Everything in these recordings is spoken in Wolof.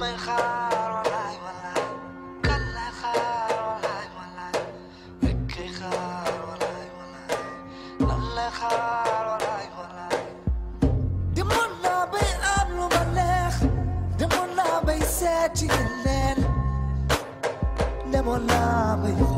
may xaar walaay walaay kan lay xaar walaay walaay fekkee xaar walaay walaay lan lay xaar walaay walaay demoon naa bay am lu ma neex demoon naa bay seeti yeneen demoon naa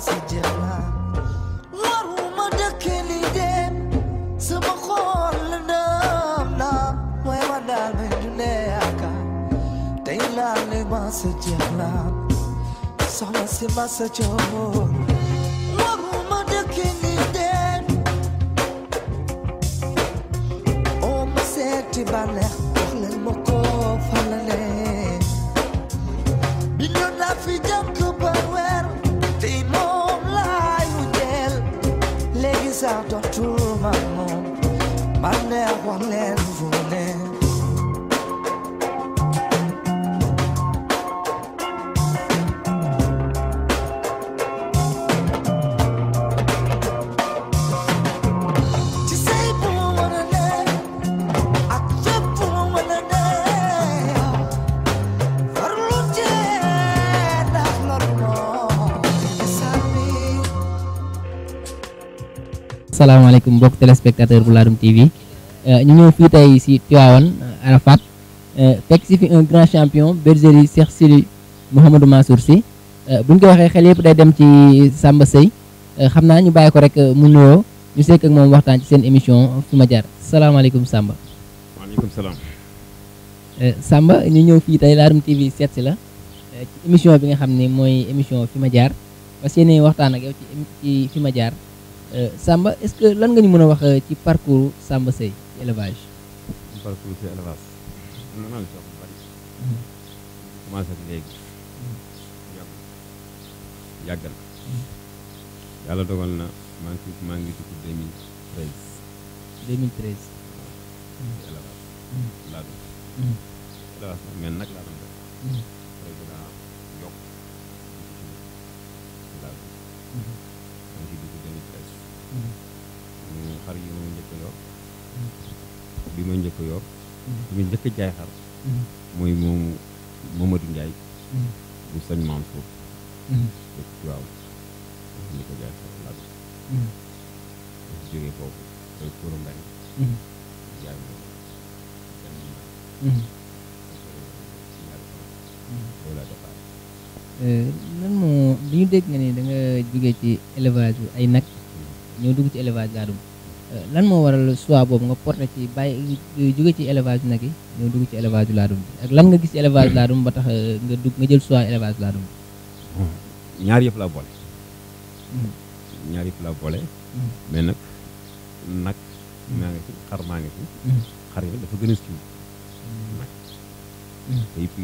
si jeex na waruma dëkk li dem sama xol la ndam na mooy ma daal may dundee yaaka tey laa ne ma si jeex na soxna si ma sa coono waruma dëkk li dem oo ma seeti ba neex wax leen ma ko fa la ne bi ñu la fi jànku out of true my mom. My never one land asalaamaaleykum mbokk téléspectateur bu Ladoum TV euh, ñu ñëw fii si Tivaouane Arafat euh, fekk si fi un grand champion bergerie seex si Mouhamadou Mansour si bu ñu ko waxee xel yëpp day dem ci sàmba Seye euh, xam naa ñu bàyyi ko rek mu nuyoo ñu sekk ak moom waxtaan ci seen émission fi ma jaar salaamaaleykum Samba. waaleykum salaam. ñu ñëw fii tey Ladoum TV seet si la ci émission bi nga xam ne mooy émission fi ma jaar fas yéene waxtaan ak yow ci ci fi ma jaar. Euh, Samba est-ce lan nga ñu mën a wax euh, ci parcours Samba Seye ci élevage. parcours ci élevage. man hmm. léegi. Hmm. yàgg na. Hmm. yàlla dogal na maa ngi maa ngi dugg 2013. 2013. ci élevage. laa doon. élevage nag laa doon def. ñun mm. xar yi ma njëkk a yor mm. bi ma njëkk a yor ñu mm. njëkk jaay xar mooy moom Mamadou Ndiaye bu sëñ Mansour dëkk waaw ñu ko jaay xar laa daf jógee foofu day jaay moom jaay moom dégg nga ni da nga ci élevage bi ay nag ñëw dugg ci élevage laadum euh, lan moo waral choix boobu nga porté ci bàyyi jóge ci élevage nag yi ñëw dugg ci élevage laadum bi ak lan nga gis ci élevage laadum ba tax euh, nga dugg nga jël choix élevage laadum hmm. bi ñaar yëpp laa boole hmm. ñaar yëpp laa boole hmm. mais nag nag maa ngi fi xar maa ngi fi xar yi dafa gën a siiw nag te it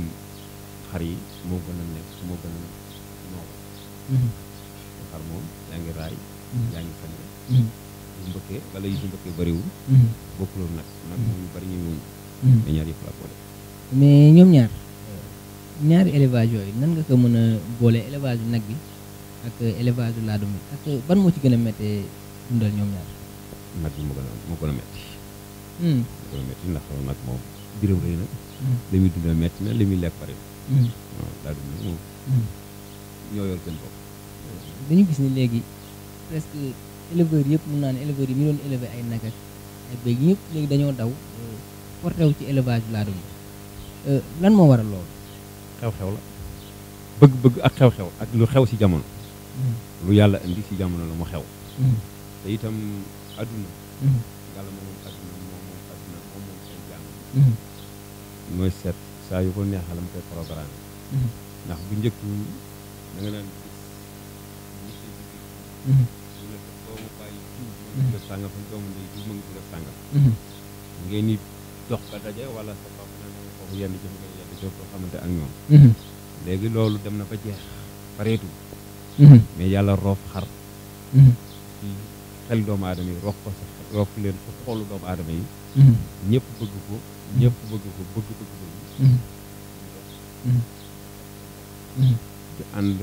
xar yi moo gën a nekk moo gën a noonu moom yaa ngi raay Mm. yaa ngi fan yi mm. bu mbëkkee wala yi bu mbëkkee bëriwul mm. bokkuloon nag nag moom ñu bëri ñu wuñ mais ñaar yëpp laa boole mais ñoom ñaar ñaari élevage yooyu nan nga ko mën a boole élevage nag bi ak élevage laadum bi ak ban moo ci gën a méttee dundal ñoom nag bi moo gën a moo gën a a métti ndax nag moom biram na li dundal métti na li lekk bari waaw laadum moom ñoo yor seen bopp dañu gis ni léegi presque éleveurs yëpp mun naa ne éleveurs yi ñu doon élever ay nag ak ay béy ñëpp léegi dañoo daw euh, porté ci élevage bi laa doon euh, lan moo waral loolu. xew-xew la bëgg-bëgg ak xew-xew ak lu xew si jamono. Hmm. lu yàlla indi ci jamono la mu xew. Hmm. te itam adduna. Hmm. yàlla moom mooy seet saa yu ko neexalam koy programme. ndax bu njëkk da nga doomu bàyyi jiw ma ngi def sàngam sa doomu daje wala sa papa na nga foofu ak ñoom léegi loolu dem na ba jeex pareetul mais yàlla roof xar ci xel doomu aadama yi roof leen ko xoolu doomu aadama yi ñëpp bëgg ko ñépp bëgg ko bëgg bëgg bëgg di ànd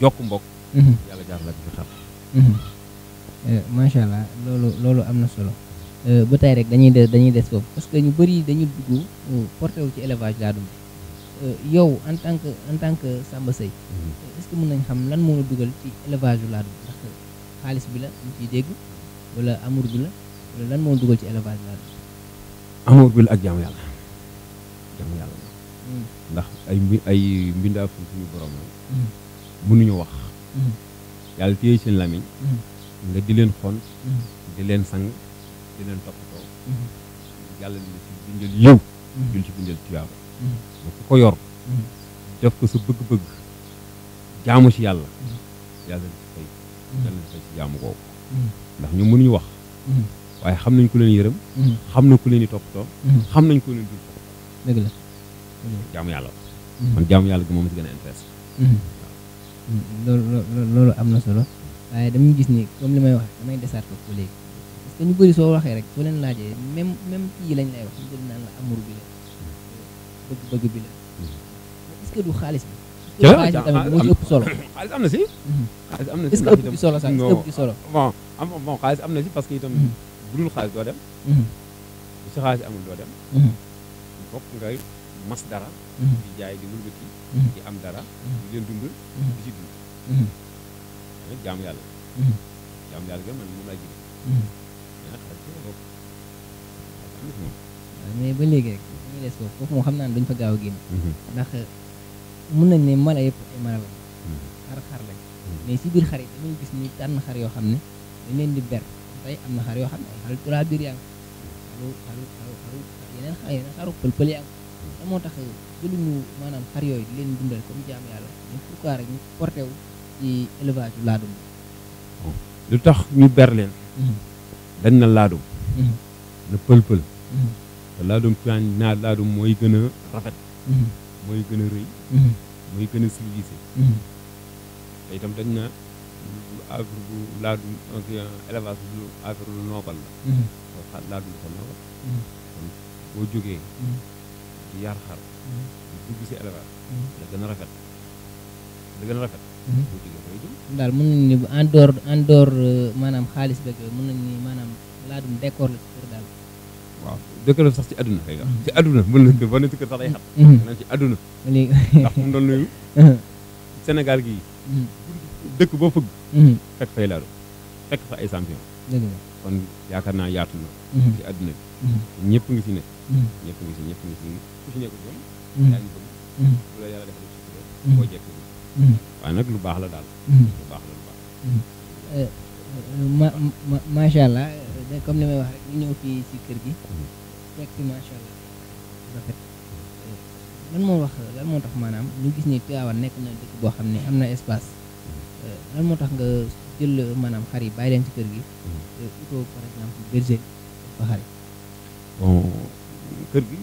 jokk mbokk mm-hmm. yàlla jaar la bi fi xar Mhm. Eh, macha allah loolu loolu am na solo eh, ba tey rek dañuy des dañuy des foofu parce que ñu bëri dañu dugg euh, porté wu ci élevage laa dund euh, yow en tant que en tant que Samba Seye mhm. est-ce que mën nañ xam lan moo la dugal ci élevage laa dund ndax xaalis bi la ñu wala amour bi moo dugal ci élevage laa dund ak jaamu yàlla jaamu hmm. ay mbi ay suñu borom la hmm. mënuñu wax hmm. yàlla téye seen lamiñ mm-hmm. nga di leen xont mm-hmm. di leen sang di leen toppatoo mm-hmm. yàlla dina ci bindal yiw dina ci bindal tuyaaba ma ku ko yor def ko sa bëgg-bëgg jaamu ci yàlla yàlla na ci fay yàlla na fay ci jaamu googu ndax ñu mënuñu wax waaye xam nañ ku leen yërëm xam na ku leen di toppatoo xam nañ ku leen dul toppatoo dëgg la jaamu yàlla man jaamu yàlla gi moom ci gën a intéressé loolu loolu am na solo waaye dañuy gis ni comme li may wax damay desaat ko léegi parce que ñu bëri soo waxee rek soo leen laajee même même kii lañ lay wax ñu bëri naan la amour bi la bëgg-bëgg bi la est du xaalis bi xaalis bi tamit moo ah, solo ah, xaalis am na si mhm. xaalis am na si est ëpp solo sax est ëpp ci solo bon am bon xaalis am na si parce que itam mhm. bu dul xaalis doo dem bu mhm. si xaalis amul doo dem mas dara mm-hmm. di jaay mm-hmm. am dara mm-hmm. di leen dundal di yàlla mais na ba léegi rek ñu des foofu foofu moom xam naa ne dañ fa gaaw a génn ndax euh, mun nañ ne mala yëpp ay mala lañ xar xar lañ mais si biir xar yi dañuy gis ni tànn xar yoo xam ne dañ leen di ber tey am na xar yoo xam ne ay xaru turabiir yaa ngi xaru xaru xaru xaru yeneen xaru pël pël yaa te moo tax jëluñu maanaam xar yooyu di leen dundal comme jaam yàlla mais pourquoi rek ñu porté wu ci élevage laadum lu tax ñu ber leen mm-hmm. dañ na laadum mm-hmm. na pël-pël mm-hmm. te laadum tuwaan naa laadum mooy gën rafet mooy gën a rëy mooy gën a itam dañ na affaire bu laadum élevage bu affaire lu noobal la laadum dafa noobal boo jógee yar xar mm-hmm. di mm-hmm. a a rafet boo jógee fooy jëm daal mën nañ ni en dehors en dehors euh, maanaam xaalis beeg mën nañ ni maanaam laadum décor la ci sax ci àdduna xëy na mm-hmm. ci àdduna mën nañ ko ba ne ci kër sax day xat naan ci àdduna léegi ndax mu doon nuyu dëkk boo fëgg fekk fay laadum fekk fa ay kon yaakaar naa yaatu na mhm. ci àdduna bi mhm. ñëpp ngi fi ne mhm. ñëpp ngi ci nekk lu waaye nag lu baax la daal baax la lu baax euh, euh, ma ma macha allah euh, comme li may wax rek ñu ñëw fii si kër gi fekk lan moo wax lan moo tax maanaam ñu gis ne Tivaouane nekk na dëkk boo xam ne am na espace lan moo tax nga jël maanaam xar yi bàyyi leen ci kër gi. plutôt hmm. euh, par kër gi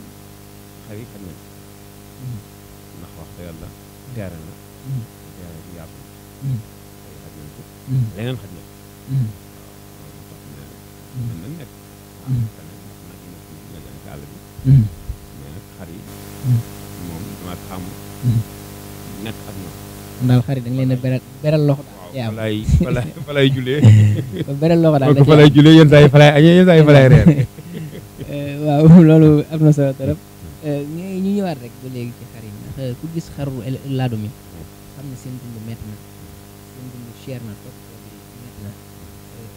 xar yi kat nañ hmm. ndax wax xaj nañ ko. leneen xaj nañ ko. àll bi. Hmm. mais xar yi. moom damaa taamu. nekk ak ñoom. daal xar yi da leen a beral beral loxo. fa lay fa lay julee. beneen loxo daal yenn saa yi fa yenn saa yi fa reer. Eh, waaw loolu am na solo trop. Eh, ñu ñëwaat rek ba léegi ci eh, gis xaru laadu na seen dund cher na trop na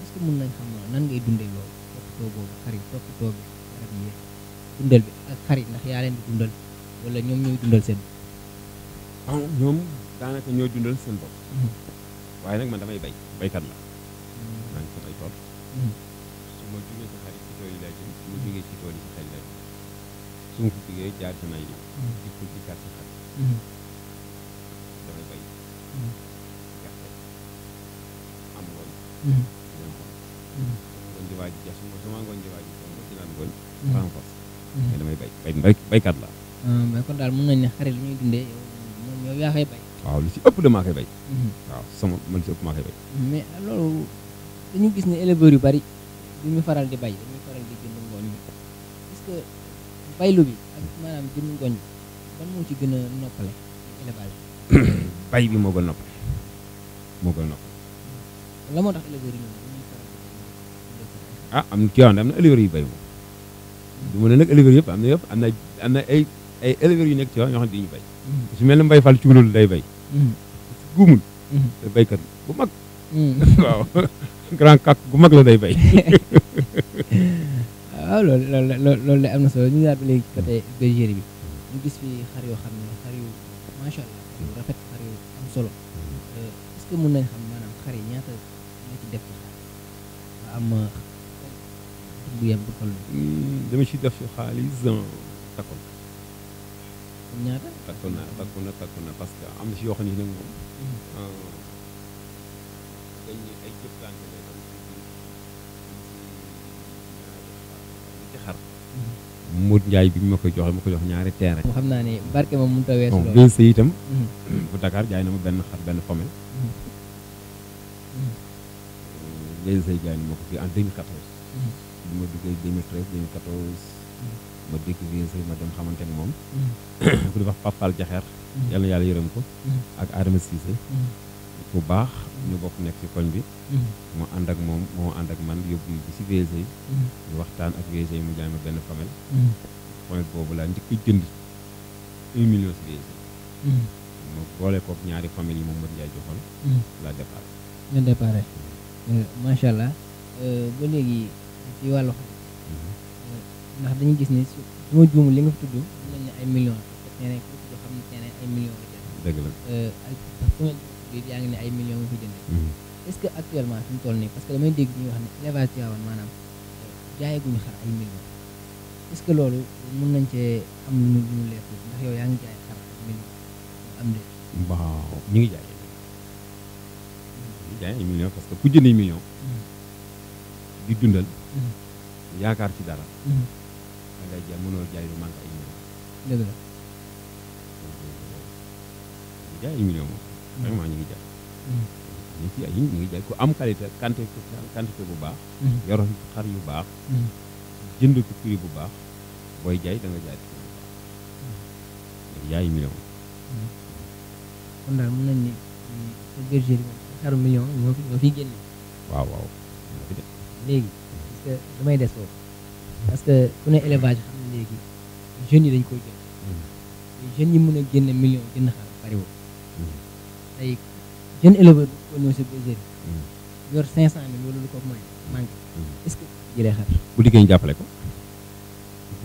est-ce que bi xar yi dundal bi ak xar yi ndax ah, ñoom daanaka ñooy dundal seen bopp. Mm-hmm. waaye nag ma damay bay baykat la maa ngi hmm. ci xarit ci tool yi laa jëm su ma jógee ci tool yi ci baykat la mais ah, daal mën nañ ne xarit lu ñuy dundee yow yow yaa fay bay waaw lu si ëpp damaa bay. Mhm. waaw sama man ci dañu gis ne éleveurs yu bari duñu faral di bay dañuy faral di jënd ngooñ bi est-ce que baylu bi ak maanaam moo ci gën a noppale bay bi moo gën a noppale moo gën a la moo tax éleveurs ah, am na ci yoo xam yu bay moom. du ma yëpp am na yëpp am na am na ay ay éleveurs yu nekk ci yoo xam ne dañuy bay. Mhm. su mel ne mbay fal ci day bay. guumul te béykat bu mag grand kàkk gu mag la day bay waaw loolu loolu la am na solo ñu ngi daal ba léegi côté bergerie gis fi xar yoo xam ne xar yu allah xar rafet xar am solo est-ce que mën nañ xam maanaam xar yi ñaata nga ci def ba am bu yem bu dama ci def xaalis takkoon ñaata takku na takku na takku na parce que am na si yoo xam ne nag moom. Mm-hmm. Ah, dañ ñu ay ci xar. Mour mm-hmm. Ndiaye bi ma koy joxe ma ko jox ñaari terrain. xam naa ni barke moom mënut a weesu loolu. bon bi itam. Mm-hmm. bu jaay na ma benn xar benn femelle. léegi say jaay na ma ko fii en 2014. bi ma duggee 2013 2014. ma découvrir sëñ ma dem xamante ne moom mm-hmm. ku di wax Papal Jaxeer mm-hmm. yàlla yàlla yërëm ko mm-hmm. ak Adama Cissé bu baax ñu bokk nekk ci koñ bi mu ànd ak moom moo ànd ak man yóbbu bi si VG ñu waxtaan ak VG mu jaay ma benn famel famel boobu laa njëkk jënd un million si VG ma boole kook ñaari famille yi moom mën njaay joxoon la départ nga départ euh, macha allah euh, ba léegi ci wàllu xam ndax dañu gis ni su ma juumul li nga fi tudd mu mel ni ay million la parce que euh, ak fu ngeen ngi ne ay millions nga fi jënd. Mhm. est-ce que actuellement fi mu toll nii parce que damay dégg ñuy wax ne euh, ce que loolu mën nañ cee am lu ñu ngi jaay xar parce que ku jëndee millions. Mhm. di dundal. Mhm. yaakaar ci dara. da ngay jaay mënoo jaay lu manqué ay ñu jaay ay millions moom. Mm-hmm. vraiment ngi jaay. ñu ngi jaay mm-hmm. ngi jaay ku am qualité quantité quantité bu baax. Mm-hmm. yoroon xar yu baax. jënd ko prix bu baax booy jaay da nga jaay prix bu baax. da daal mën nañu ni ci bergerie moom xaru million ñoo fi fi génne. waaw waaw. léegi parce que damay des parce que ku ne élevage xam ne léegi jeunes yi dañ koy jël hmm. jeunes yi mën a génne million jënd xar bariwul hmm. tey jeune éleveur bu ko ñëw sa bergerie yor cinq cent mille wala lu ko may manqué hmm. est-ce que jëlee xar bu liggéey ñu jàppale ko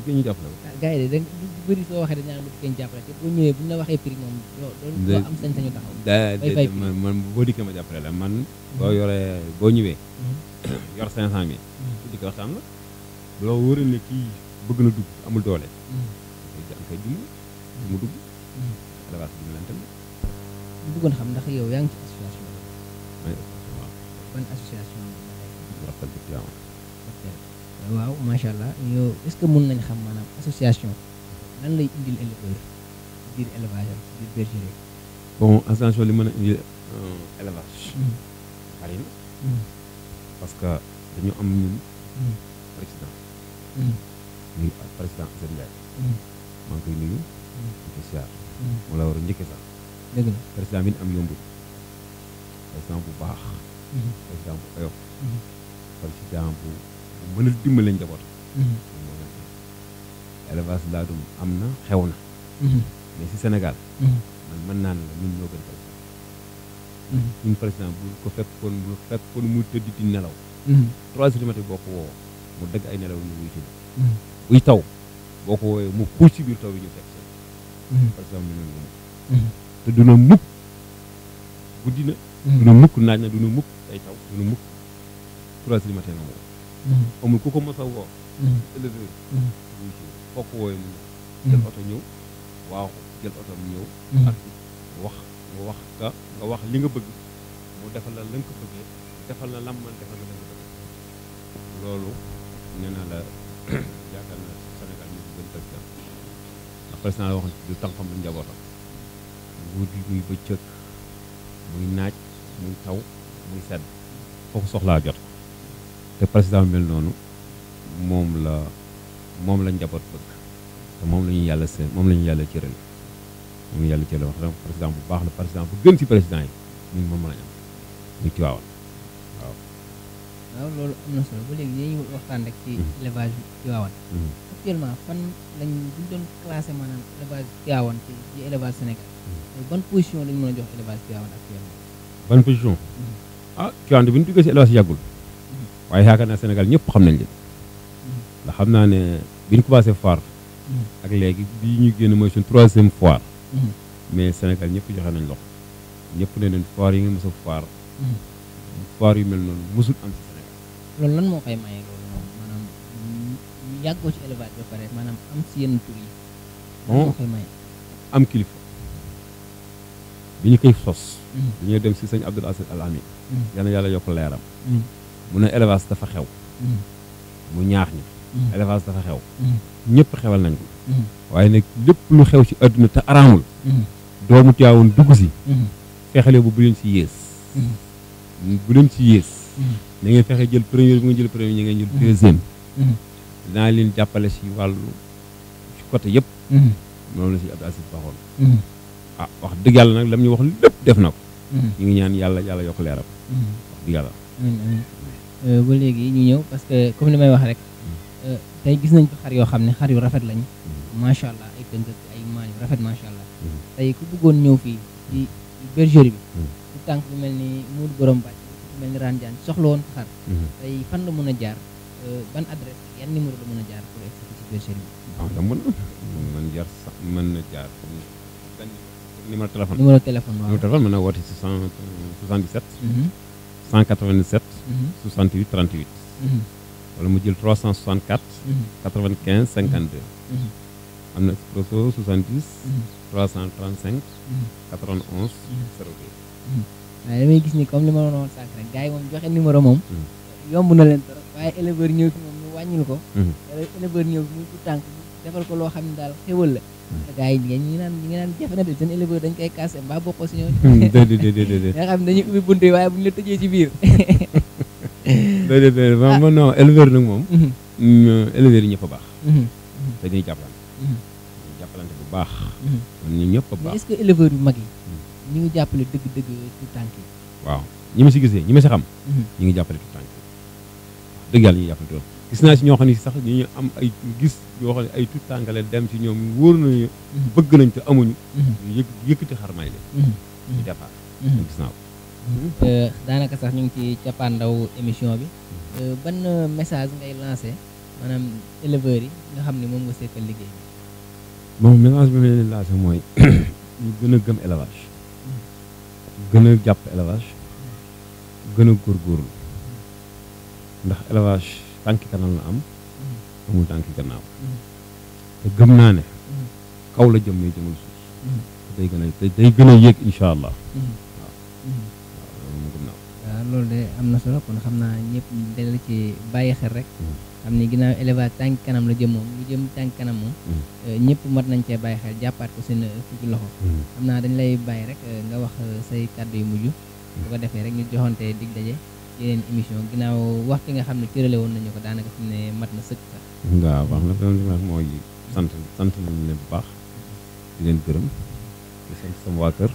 bu ñu jàppale ko ah, gars yi de da bëri soo waxee dañaa bu liggéey ñu jàppale te boo ñëwee bu ñu la waxee prix moom doo am sañ-sañu taxaw man boo dikkee ma jàppale la man boo yoree boo ñëwee yor cinq cent mille bu dikkee waxtaan la loo wëral ne kii bëgg na dugg amul doole. Mm. day mm. mu dugg. élevage mm. bi lan tamit. ñu bëggoon xam ndax yow yaa ngi ci association waaw. ban association waaw macha allah yow est ce que mën nañ xam maanaam association lan lay indil éleveur biir élevage am biir bon association li mën a indil euh, élevage. bari na. parce que dañu am ñun président. nuyu ak président Assane Ndiaye maa ngi koy nuyu di ko moo la war a njëkkee sax dëgg bi ñu am yombul président bu baax président bu oyof président bu mën a dimbale njaboot am na xew na mais si Sénégal man mën naa ne la ñun ñoo gën président ñun président bu ko fekkoon bu fekkoon muy tëdd di nelaw trois heures boo ko woo mu dëgg ay nelaw ñu wuy hmm. taw boo ko woowee mu xuus ci biir taw bi ñu fekk sa hmm. président mi noonu hmm. te duna mukk guddi na duna mukk naaj na duna mukk day taw duna mukk trois heures matin la amul ku ko mos a woo éleveur wuy foo ko woowee mu jël oto ñëw waaw jël oto mu ñëw ak wax wax nga wax li nga bëgg mu defal la la ko bëggee defal la lam defal la la nga loolu nee la yaakaar naa Sénégal ñu ngi gën président ndax président la waxoon du tànqam lu njabootam muy bëccëg muy naaj muy taw muy sedd foo ko soxlaa jot te président mel noonu moom la moom la njaboot bëgg te moom la ñuy yàlla seen moom la ñuy yàlla cëral moom yàlla cëral wax dëgg président bu baax la président bu gën ci président yi ñun moom la ñu am muy Tivaouane waaw. waaw loolu am na solo ba léegi dañuy waxtaan rek ci mm-hmm. élevage Tivaouane mm-hmm. actuellement fan lañ buñ doon classé maanaam élevage Tivaouane ci ci Sénégal mm-hmm. ban position lañ mën a jox élevage Tivaouane actuellement ban position ah Tivaouane bi ñu duggee si élevage yàggul waaye yaakaar naa Sénégal ñëpp xam nañ leen ndax xam naa ne bi ñu commencé ak léegi bi ñu génn mooy suñu troisième foire mais Sénégal ñëpp joxe nañ loxo ñëpp ne leen foire yi nga mos a foire yu mel noonu mosul am loolu lan moo koy maye loolu noonu maanaam mm, yàggoo ci élevage ba pare maanaam am si yenn tur yi. moo oh. koy maye. am kilifa bi ñu koy sos. dañoo mm-hmm. dem si sëñ Abdoul Aziz Al Amin. Mm-hmm. yal na yàlla yokk leeram. Mm-hmm. mu ne élevage dafa xew. mu ñaax ñi. élevage dafa xew. ñëpp xewal nañ ko. waaye nag lépp lu xew ci àdduna te araamul. doomu Tiwaawoon dugg si. fexele bu bu leen yées. bu leen yées. na ngeen fexe jël premier bi nga jël premier ñi naa jël mm-hmm. Mm-hmm. jàppale si wàllu ci côté yëpp mm-hmm. moom si Abdou Aziz waxoon ah wax dëgg yàlla nag lam ñu wax lépp def na ko ñu ngi ñaan yàlla yàlla yokk leeram wax dëgg yàlla euh, ba léegi ñu ñëw parce que comme ni may wax rek euh, te gis nañ ko xar yoo xam ne xar yu rafet lañ macha allah ay dënk ay maan yu rafet macha allah tey ku bëggoon ñëw fii ci bergerie bi su tànk bu mel ni muur borom bàcc mel ni Rane Diagne soxla woon xar mhm. tey fan la mën a jaar euh, ban adresse yan numéro la mën a jaar pour expliquer service waaw da mën mën jaar sax mën na jaar numéro téléphone numéro téléphone waaw numéro téléphone mën na woote 77 187 68 38 wala mu jël 364 95 52 am na Expresso 70 335 91 02 waaye damay gis ni comme li ma doon wax sànq rek gars yi moom joxe numéro moom hmm. yomb na leen trop waaye éleveur ñëw fi moom ñu wàññil ko hmm. éleveur ñëw fi muy tout tànk defal ko loo xam ne daal xéwal la hmm. gars yi ñi ngi naan ñi ngi naan jafe na de seen éleveur dañ koy casse mbaa bokkoo si ñoom nga xam ne dañuy ubbi bunt yi waaye bu ñu la tëjee ci biir déedéet déedéet vraiment non éleveur nag moom éleveur yi ñëpp a baax te ñuy jàppalante ñuy jàppalante bu baax ñun ñëpp a baax est-ce que éleveur yu mag yi ñu ngi jàppale dëgg-dëgg tout tànk yi waaw ñu ma si gisee ñu ma si xam mhm. ñu ngi jàppale tout tànk yi wax dëgg yàlla ñu jàppale tout gis naa si ñoo xam ne sax ñu am ay gis yoo xam ay tout tànk dem ci ñoom wóor mhm. bëgg nañ te amuñu mhm. ñu yëkkati xarmaay la ñu départ gis naa ko euh, daanaka sax ñu ngi ci cappaandaw émission bi euh, ban euh, message ngay lancé maanaam éleveurs yi nga xam ne moom nga seetal liggéey moom bon message bi ma leen lancé mooy ñu gën a gëm élevage gën jàpp élevage gën góor góorgóorlu ndax élevage tànki kanam la am amul tànki gannaaw te gëm naa ne kaw la jëm may jëmal suuf day gën a yéeg incha allah waaw loolu de am na solo kon xam naa ñëpp dellu ci bàyyi xel rek hmm. xam ni ginnaaw élevage tànk kanam la jëm moom lu jëm tànk kanam moom euh, ñëpp mat nañ cee bàyyi xel jàppaat ko seen euh, fukki loxo mm. xam naa dañ lay bàyyi rek euh, nga wax say kàddu yu mujj bu mm. ko defee rek ñu joxante dig daje yeneen émission ginnaaw wax ki nga xam ne cërale woon nañu ko daanaka fi ne mat na sëkk sax waaw wax na tam li ma mooy sant sant nañ leen bu baax di leen gërëm di sant sama waa kër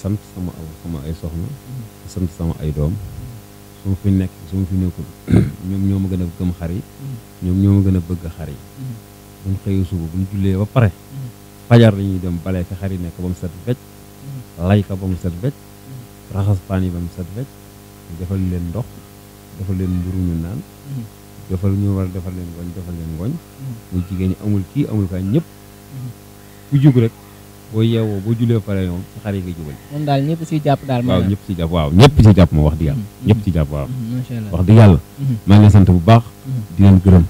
sant sama aw sama ay soxna mm. di sant sama ay doom su ma fi nekk su ma fi nekkul ñoom ñoo ma gën a gëm xar yi mm-hmm. ñoom ñoo ma gën a bëgg xar yi mm-hmm. buñ xëyee suba buñ jullee ba pare mm-hmm. fajar la ñuy dem balee fi xar yi nekk ba mu set wecc lay ba mu set wecc raxas paan yi ba mu set wecc defal leen ndox defal leen mburu ñu naan defal ñu war defal leen ngoñ defal leen ngoñ muy jigéen ñi amul kii amul kaa ñëpp ku jug rek boo yeewoo boo julee pare moom ci xar yi nga jubal. kon daal ñëpp siy jàpp daal. waaw ñëpp siy jàpp waaw ñëpp siy jàpp moom wax dëgg yàlla. Mm-hmm. ñëpp siy jàpp waaw. Mm-hmm, macha yàlla. Mm-hmm. maa ngi leen bu baax. di leen gërëm.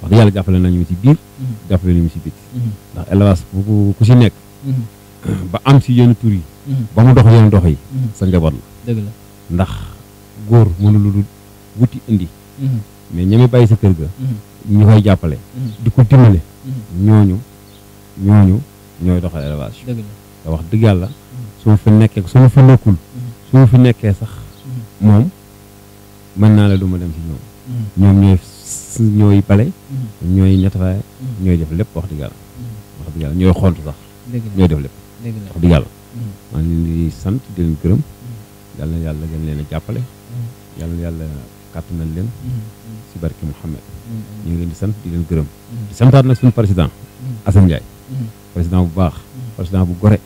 wax dëgg yàlla jàppale nañu ci biir. jàppale nañu ci biti. ndax élevage bu ku si nekk. ba am si yenn tur yi. ba mu dox yenn dox yi. sa njaboot la. dëgg ndax góor mënul lu wuti indi. mais ña bàyyi sa kër ga. ñi koy jàppale. di ko dimbale. ñooñu ñooñu. ñooy doxal élevage. dëgg wax dëgg yàlla. Mm-hmm. su ma fi nekkee su ma fi nekkul. Mm-hmm. nekkee sax. Mm-hmm. moom mën naa la du ma dem ci ñoom. ñoom ñooy ñooy bale. ñooy ñettafaaye. ñooy def lépp wax dëgg yàlla. wax dëgg yàlla ñooy xont sax. ñooy def lépp. wax dëgg yàlla. maa ngi leen di sant di leen gërëm. yàlla na yàlla gën leen a jàppale. yàlla na yàlla leen. si barke Mouhamed. ñu ngi leen di sant di leen gërëm. di santaat nag suñu président. Assane Ndiaye. président bu baax parsident bu gore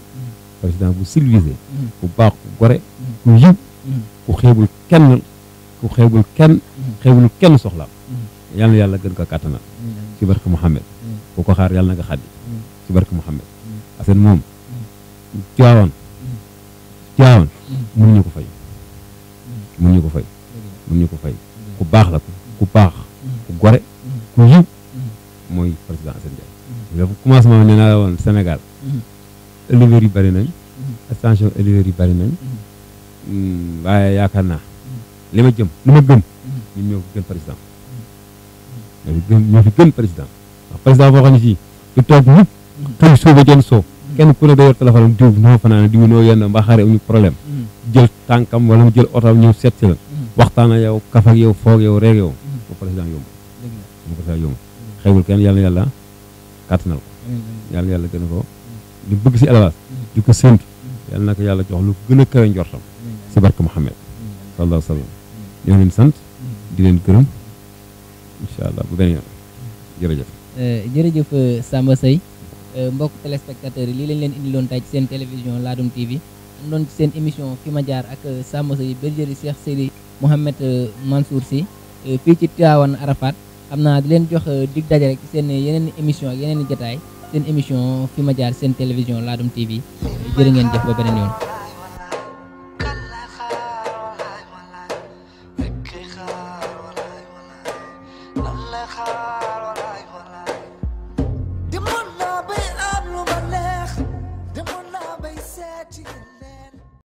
parsident bu civilisé bu baax ku gore ku yëg ku xeebul kenn ku xeebul kenn xeebul kenn soxlaam yal na yàlla gën ko kàttana ci barke Mouhamed ku ko xaar yàlla na nga xaddi ci barke Mouhamed asen moom Tiwaawan Tiwaawan mënuñu ko fay mënuñu ko fay mënuñu ko fay ku baax la ku baax ku gore ku yëg mooy président Assane Ndiaye. dafa commencement bi nee naa la woon Sénégal. éleveurs yu bëri nañ. extension éleveurs yu bëri nañ. Mm, waaye yaakaar naa. li ma jëm li ma gëm. ñun ñoo fi gën président. ñoo fi gën ñoo fi gën président wax président boo xam ne fii du toog ñëpp. xëy suuba jëm soow. kenn ku ne da yor téléphone am diw noo fanaane diw noo yenn mbaa xare ñu problème. jël tànkam wala mu jël otoom ñëw seet si la. waxtaan ak yow kaf ak yow foog yow reeg yow. ba président yomb. dëgg la ba président yomb. xewul kenn yàlla yàlla kàttanal ko yàlla yàlla gën a ko li bëgg si élevage di ko yàlla na yàlla jox lu gën a kawe njortam si barke Muhammad sallallahu alayhi wa sallam ñoo leen sant di leen gërëm incha allah bu beneen jërëjëf eh, jërëjëf eh, Samba Seye eh, mbokk téléspectateurs yi lii lañ leen indiloon tey ci seen télévision Ladoum TV am doon seen émission fi ma ak Samba Seye bergerie Cheikh Seydi Mouhamed Mansour Sy fii ci Tivaouane Arafat xam naa di leen jox euh, dig daje rek seen yeneen émission ak yeneen i jotaay seen émission fi ma jaar seen télévision Ladoum TV jërë ngeen jëf ba beneen yoon.